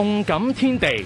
動感天地。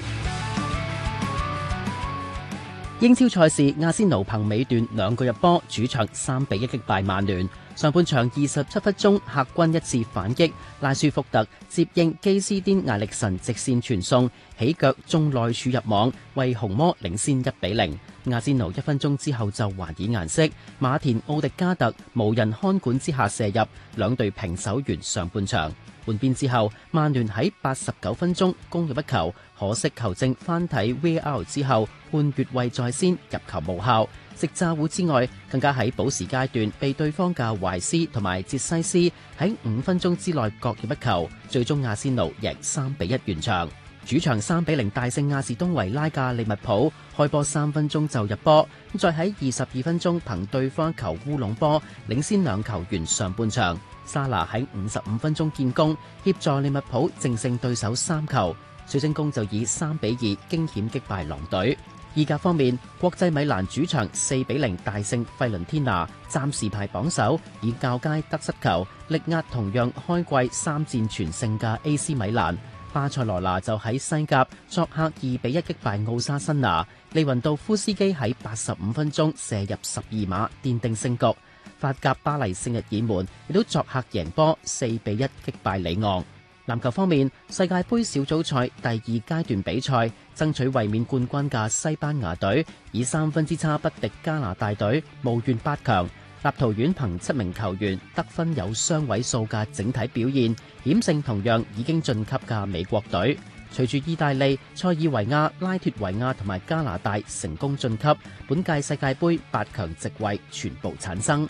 英超賽事，阿仙奴憑尾段兩個入波，主場三比一擊敗曼聯。上半場二十七分鐘，客軍一次反擊，拉舒福特接應基斯顛艾力神直線傳送，起腳中內處入網，為紅魔領先一比零。阿仙奴一分鐘之後就還以顏色，馬田奧迪加特無人看管之下射入，兩隊平手完上半場。換邊之後，曼聯喺八十九分鐘攻入一球。可惜球證翻睇 V R 之後判越位在先入球無效，食炸糊之外，更加喺補時階段被對方嘅懷斯同埋捷西斯喺五分鐘之內各入一球，最終阿仙奴贏三比一完場。主場三比零大勝亞士東維拉嘅利物浦，開波三分鐘就入波，再喺二十二分鐘憑對方球烏龍波領先兩球完上半場。莎拿喺五十五分鐘建功，協助利物浦淨勝對手三球，水晶宮就以三比二驚險擊敗狼隊。意甲方面，國際米蘭主場四比零大勝費倫天拿，暫時排榜首，以較佳得失球力壓同樣開季三戰全勝嘅 A.C. 米蘭。巴塞羅那就喺西甲作客二比一擊敗奧沙辛拿，利雲道夫斯基喺八十五分鐘射入十二碼奠定勝局。法甲巴黎聖日耳門亦都作客贏波四比一擊敗里昂。籃球方面，世界杯小組賽第二階段比賽，爭取衛冕冠軍嘅西班牙隊以三分之差不敵加拿大隊，無緣八強。立陶宛憑七名球員得分有雙位數嘅整體表現，險勝同樣已經晉級嘅美國隊。隨住意大利、塞爾維亞、拉脫維亞同埋加拿大成功晉級，本屆世界盃八強席位全部產生。